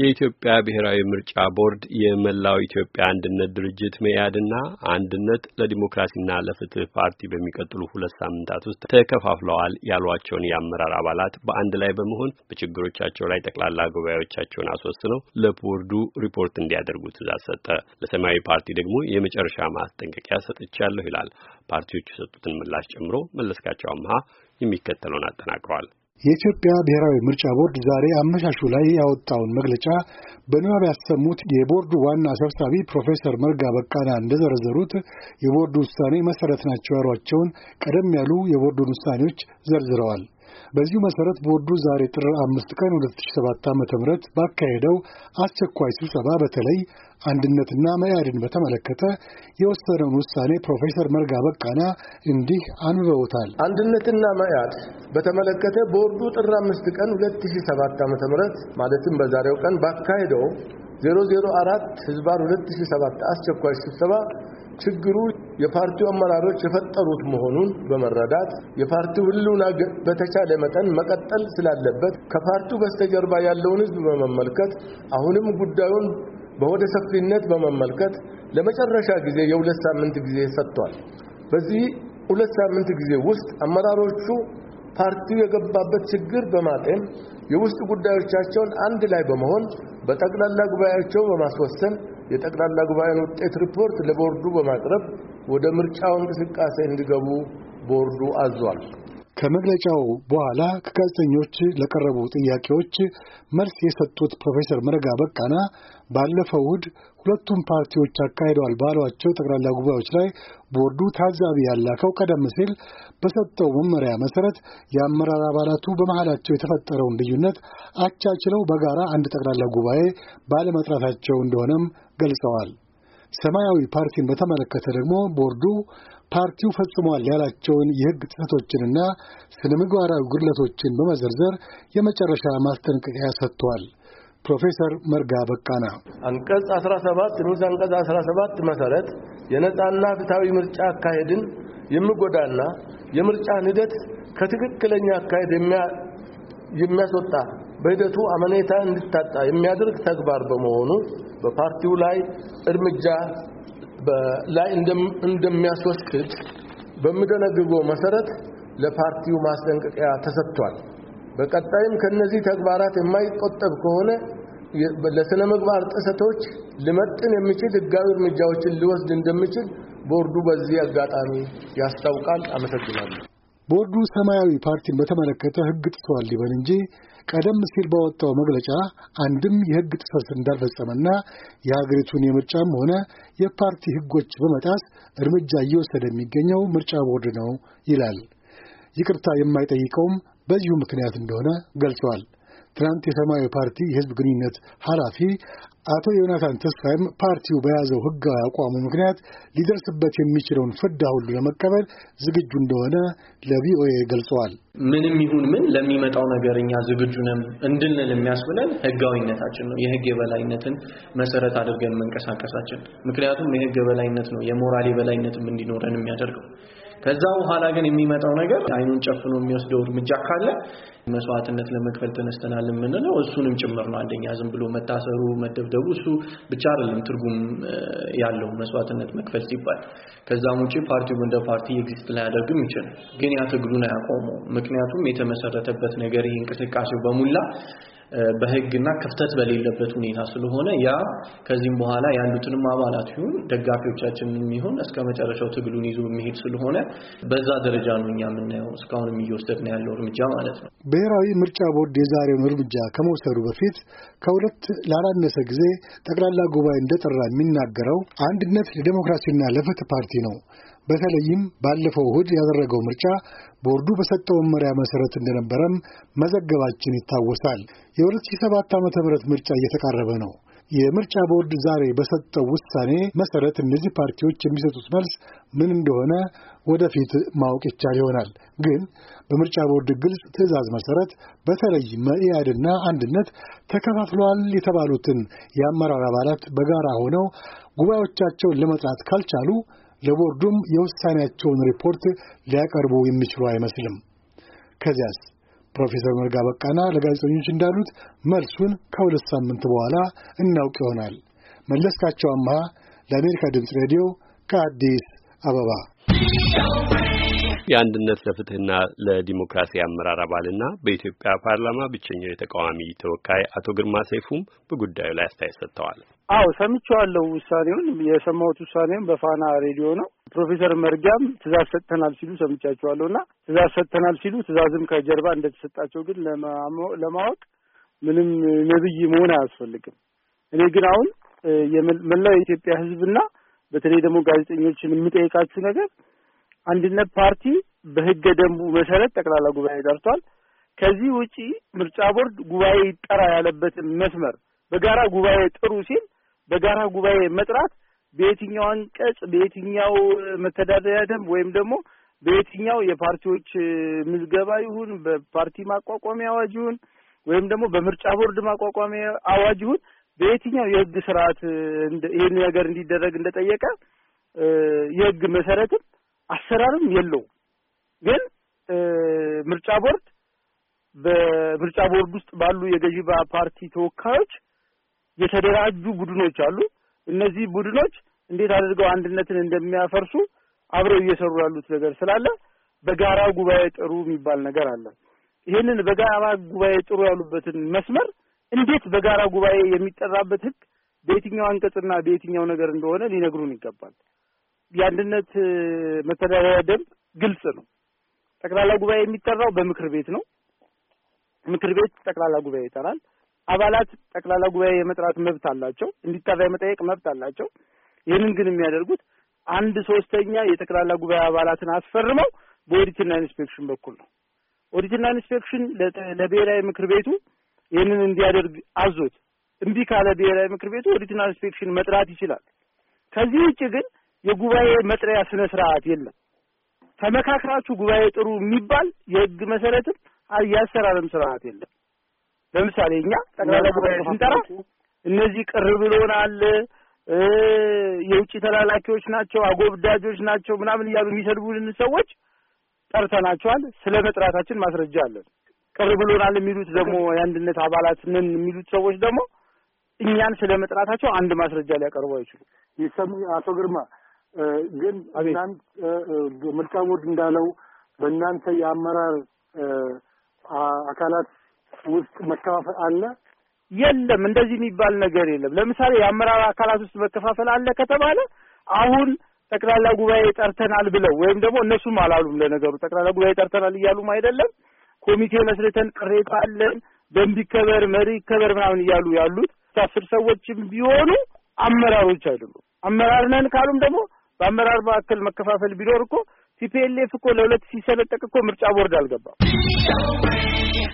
የኢትዮጵያ ብሔራዊ ምርጫ ቦርድ የመላው ኢትዮጵያ አንድነት ድርጅት መያድና አንድነት ለዲሞክራሲና ለፍትህ ፓርቲ በሚቀጥሉ ሁለት ሳምንታት ውስጥ ተከፋፍለዋል ያሏቸውን የአመራር አባላት በአንድ ላይ በመሆን በችግሮቻቸው ላይ ጠቅላላ ጉባኤዎቻቸውን አስወስነው ለቦርዱ ሪፖርት እንዲያደርጉ ትእዛዝ ሰጠ። ለሰማያዊ ፓርቲ ደግሞ የመጨረሻ ማስጠንቀቂያ ሰጥቻለሁ ይላል። ፓርቲዎቹ የሰጡትን ምላሽ ጨምሮ መለስካቸው አምሃ የሚከተለውን አጠናቅረዋል። የኢትዮጵያ ብሔራዊ ምርጫ ቦርድ ዛሬ አመሻሹ ላይ ያወጣውን መግለጫ በንባብ ያሰሙት የቦርዱ ዋና ሰብሳቢ ፕሮፌሰር መርጋ በቃና እንደዘረዘሩት የቦርዱ ውሳኔ መሰረት ናቸው ያሏቸውን ቀደም ያሉ የቦርዱን ውሳኔዎች ዘርዝረዋል። በዚሁ መሰረት ቦርዱ ዛሬ ጥር አምስት ቀን 2007 ዓ ም ባካሄደው አስቸኳይ ስብሰባ በተለይ አንድነትና መያድን በተመለከተ የወሰነውን ውሳኔ ፕሮፌሰር መርጋ በቃና እንዲህ አንብበውታል። አንድነትና መያድ በተመለከተ ቦርዱ ጥር አምስት ቀን 2007 ዓ ም ማለትም በዛሬው ቀን ባካሄደው 004 ህዝባር 2007 አስቸኳይ ስብሰባ ችግሩ የፓርቲው አመራሮች የፈጠሩት መሆኑን በመረዳት የፓርቲው ህልውና በተቻለ መጠን መቀጠል ስላለበት ከፓርቲው በስተጀርባ ያለውን ህዝብ በመመልከት አሁንም ጉዳዩን በወደ ሰፊነት በመመልከት ለመጨረሻ ጊዜ የሁለት ሳምንት ጊዜ ሰጥቷል። በዚህ ሁለት ሳምንት ጊዜ ውስጥ አመራሮቹ ፓርቲው የገባበት ችግር በማጤም የውስጥ ጉዳዮቻቸውን አንድ ላይ በመሆን በጠቅላላ ጉባኤያቸው በማስወሰን የጠቅላላ ጉባኤን ውጤት ሪፖርት ለቦርዱ በማቅረብ ወደ ምርጫው እንቅስቃሴ እንዲገቡ ቦርዱ አዟል። ከመግለጫው በኋላ ከጋዜጠኞች ለቀረቡ ጥያቄዎች መልስ የሰጡት ፕሮፌሰር መረጋ በቃና ባለፈው እሁድ ሁለቱም ፓርቲዎች አካሂደዋል ባሏቸው ጠቅላላ ጉባኤዎች ላይ ቦርዱ ታዛቢ ያላከው ቀደም ሲል በሰጠው መመሪያ መሰረት የአመራር አባላቱ በመሃላቸው የተፈጠረውን ልዩነት አቻችለው በጋራ አንድ ጠቅላላ ጉባኤ ባለመጥራታቸው እንደሆነም ገልጸዋል። ሰማያዊ ፓርቲን በተመለከተ ደግሞ ቦርዱ ፓርቲው ፈጽሟል ያላቸውን የሕግ ጥሰቶችንና ስነ ምግባራዊ ጉድለቶችን በመዘርዘር የመጨረሻ ማስጠንቀቂያ ሰጥቷል። ፕሮፌሰር መርጋ በቃና አንቀጽ 17 ንዑስ አንቀጽ 17 መሰረት የነጻና ፍትሐዊ ምርጫ አካሄድን የሚጎዳና የምርጫን ሂደት ከትክክለኛ አካሄድ የሚያስወጣ በሂደቱ አመኔታ እንዲታጣ የሚያደርግ ተግባር በመሆኑ በፓርቲው ላይ እርምጃ ላይ እንደሚያስወስድ በሚደነግገው መሰረት ለፓርቲው ማስጠንቀቂያ ተሰጥቷል። በቀጣይም ከነዚህ ተግባራት የማይቆጠብ ከሆነ ለስነ ምግባር ጥሰቶች ልመጥን የሚችል ህጋዊ እርምጃዎችን ሊወስድ እንደሚችል ቦርዱ በዚህ አጋጣሚ ያስታውቃል። አመሰግናለሁ። ቦርዱ ሰማያዊ ፓርቲን በተመለከተ ሕግ ጥሷል ይበል እንጂ ቀደም ሲል ባወጣው መግለጫ አንድም የሕግ ጥሰት እንዳልፈጸመና የሀገሪቱን የምርጫም ሆነ የፓርቲ ሕጎች በመጣስ እርምጃ እየወሰደ የሚገኘው ምርጫ ቦርድ ነው ይላል። ይቅርታ የማይጠይቀውም በዚሁ ምክንያት እንደሆነ ገልጿል። ትናንት የሰማያዊ ፓርቲ የህዝብ ግንኙነት ኃላፊ አቶ ዮናታን ተስፋይም ፓርቲው በያዘው ህጋዊ አቋሙ ምክንያት ሊደርስበት የሚችለውን ፍዳ ሁሉ ለመቀበል ዝግጁ እንደሆነ ለቪኦኤ ገልጸዋል። ምንም ይሁን ምን ለሚመጣው ነገር እኛ ዝግጁ ነን እንድንል የሚያስብለን ህጋዊነታችን ነው፣ የህግ የበላይነትን መሰረት አድርገን መንቀሳቀሳችን። ምክንያቱም የህግ የበላይነት ነው የሞራል የበላይነትም እንዲኖረን የሚያደርገው ከዛ በኋላ ግን የሚመጣው ነገር አይኑን ጨፍኖ የሚወስደው እርምጃ ካለ መስዋዕትነት ለመክፈል ተነስተናል የምንለው እሱንም ጭምር ነው። አንደኛ ዝም ብሎ መታሰሩ መደብደቡ እሱ ብቻ አይደለም ትርጉም ያለው መስዋዕትነት መክፈል ሲባል። ከዛም ውጪ ፓርቲው እንደ ፓርቲ ኤግዚስት ላያደርግም ይችላል፣ ግን ያ ትግሉን አያቆመው። ምክንያቱም የተመሰረተበት ነገር ይህ እንቅስቃሴው በሙላ በህግና ክፍተት በሌለበት ሁኔታ ስለሆነ ያ ከዚህም በኋላ ያሉትንም አባላት ይሁን ደጋፊዎቻችንም ይሁን እስከ መጨረሻው ትግሉን ይዞ የሚሄድ ስለሆነ በዛ ደረጃ ነው እኛ የምናየው እስካሁን እየወሰድ ነው ያለው እርምጃ ማለት ነው። ብሔራዊ ምርጫ ቦርድ የዛሬውን እርምጃ ከመውሰዱ በፊት ከሁለት ላላነሰ ጊዜ ጠቅላላ ጉባኤ እንደጠራ የሚናገረው አንድነት ለዲሞክራሲና ለፍትህ ፓርቲ ነው። በተለይም ባለፈው እሁድ ያደረገው ምርጫ ቦርዱ በሰጠው መመሪያ መሰረት እንደነበረም መዘገባችን ይታወሳል። የ2007 ዓ ም ምርጫ እየተቃረበ ነው። የምርጫ ቦርድ ዛሬ በሰጠው ውሳኔ መሰረት እነዚህ ፓርቲዎች የሚሰጡት መልስ ምን እንደሆነ ወደፊት ማወቅ ይቻል ይሆናል። ግን በምርጫ ቦርድ ግልጽ ትዕዛዝ መሰረት በተለይ መኢአድና አንድነት ተከፋፍለዋል የተባሉትን የአመራር አባላት በጋራ ሆነው ጉባኤዎቻቸውን ለመጥራት ካልቻሉ ለቦርዱም የውሳኔያቸውን ሪፖርት ሊያቀርቡ የሚችሉ አይመስልም። ከዚያስ ፕሮፌሰር መርጋ በቃና ለጋዜጠኞች እንዳሉት መልሱን ከሁለት ሳምንት በኋላ እናውቅ ይሆናል። መለስካቸው አምሃ ለአሜሪካ ድምፅ ሬዲዮ ከአዲስ አበባ የአንድነት ለፍትህና ለዲሞክራሲ አመራር አባልና በኢትዮጵያ ፓርላማ ብቸኛው የተቃዋሚ ተወካይ አቶ ግርማ ሰይፉም በጉዳዩ ላይ አስተያየት ሰጥተዋል። አዎ ሰምቼዋለሁ። ውሳኔውን የሰማሁት ውሳኔውን በፋና ሬዲዮ ነው። ፕሮፌሰር መርጊያም ትእዛዝ ሰጥተናል ሲሉ ሰምቻቸዋለሁ እና ትእዛዝ ሰጥተናል ሲሉ ትእዛዝም ከጀርባ እንደተሰጣቸው ግን ለማወቅ ምንም ነብይ መሆን አያስፈልግም። እኔ ግን አሁን መላው የኢትዮጵያ ሕዝብና በተለይ ደግሞ ጋዜጠኞችን የምጠይቃችሁ ነገር አንድነት ፓርቲ በህገ ደንቡ መሰረት ጠቅላላ ጉባኤ ጠርቷል። ከዚህ ውጪ ምርጫ ቦርድ ጉባኤ ይጠራ ያለበትን መስመር በጋራ ጉባኤ ጥሩ ሲል በጋራ ጉባኤ መጥራት በየትኛው አንቀጽ በየትኛው መተዳደሪያ ደንብ ወይም ደግሞ በየትኛው የፓርቲዎች ምዝገባ ይሁን በፓርቲ ማቋቋሚያ አዋጅ ይሁን ወይም ደግሞ በምርጫ ቦርድ ማቋቋሚያ አዋጅ ይሁን በየትኛው የህግ ስርዓት ይህን ነገር እንዲደረግ እንደጠየቀ የህግ መሰረትም አሰራርም የለውም። ግን ምርጫ ቦርድ በምርጫ ቦርድ ውስጥ ባሉ የገዢ ፓርቲ ተወካዮች የተደራጁ ቡድኖች አሉ። እነዚህ ቡድኖች እንዴት አድርገው አንድነትን እንደሚያፈርሱ አብረው እየሰሩ ያሉት ነገር ስላለ በጋራ ጉባኤ ጥሩ የሚባል ነገር አለ። ይህንን በጋራ ጉባኤ ጥሩ ያሉበትን መስመር እንዴት በጋራ ጉባኤ የሚጠራበት ህግ በየትኛው አንቀጽና በየትኛው ነገር እንደሆነ ሊነግሩን ይገባል። የአንድነት መተዳደሪያ ደንብ ግልጽ ነው። ጠቅላላ ጉባኤ የሚጠራው በምክር ቤት ነው። ምክር ቤት ጠቅላላ ጉባኤ ይጠራል። አባላት ጠቅላላ ጉባኤ የመጥራት መብት አላቸው፣ እንዲጠራ የመጠየቅ መብት አላቸው። ይህንን ግን የሚያደርጉት አንድ ሶስተኛ የጠቅላላ ጉባኤ አባላትን አስፈርመው በኦዲትና ኢንስፔክሽን በኩል ነው። ኦዲትና ኢንስፔክሽን ለብሔራዊ ምክር ቤቱ ይህንን እንዲያደርግ አዞት፣ እምቢ ካለ ብሔራዊ ምክር ቤቱ ኦዲትና ኢንስፔክሽን መጥራት ይችላል። ከዚህ ውጭ ግን የጉባኤ መጥሪያ ስነ ስርዓት የለም። ተመካክራችሁ ጉባኤ ጥሩ የሚባል የህግ መሰረትም የአሰራርም ስርዓት የለም። ለምሳሌ እኛ ጠቅላላ ጉባኤ ስንጠራ እነዚህ ቅር ብሎናል፣ የውጭ ተላላኪዎች ናቸው፣ አጎብዳጆች ናቸው ምናምን እያሉ የሚሰድቡልን ሰዎች ጠርተናቸዋል። ስለ መጥራታችን ማስረጃ አለን። ቅር ብሎናል የሚሉት ደግሞ የአንድነት አባላት ነን የሚሉት ሰዎች ደግሞ እኛን ስለ መጥራታቸው አንድ ማስረጃ ሊያቀርቡ አይችሉም። ይሰሙ አቶ ግርማ ግን እናንተ ምርጫ ቦርድ እንዳለው በእናንተ የአመራር አካላት ውስጥ መከፋፈል አለ? የለም። እንደዚህ የሚባል ነገር የለም። ለምሳሌ የአመራር አካላት ውስጥ መከፋፈል አለ ከተባለ አሁን ጠቅላላ ጉባኤ ጠርተናል ብለው ወይም ደግሞ እነሱም አላሉም። ለነገሩ ጠቅላላ ጉባኤ ጠርተናል እያሉም አይደለም። ኮሚቴ መስርተን ቅሬታ አለን፣ ደንብ ይከበር፣ መሪ ይከበር ምናምን እያሉ ያሉት አስር ሰዎችም ቢሆኑ አመራሮች አይደሉም። አመራር ነን ካሉም ደግሞ በአመራር መካከል መከፋፈል ቢኖር እኮ ቲፒኤልኤፍ እኮ ለሁለት ሲሰነጠቅ እኮ ምርጫ ቦርድ አልገባም።